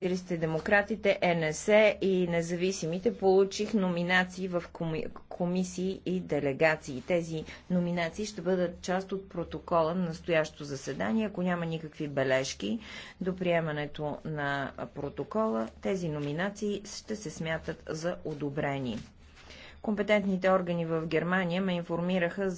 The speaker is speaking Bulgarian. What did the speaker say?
Социалистите, демократите, НС и независимите получих номинации в коми... комисии и делегации. Тези номинации ще бъдат част от протокола на настоящото заседание. Ако няма никакви бележки до приемането на протокола, тези номинации ще се смятат за одобрени. Компетентните органи в Германия ме информираха за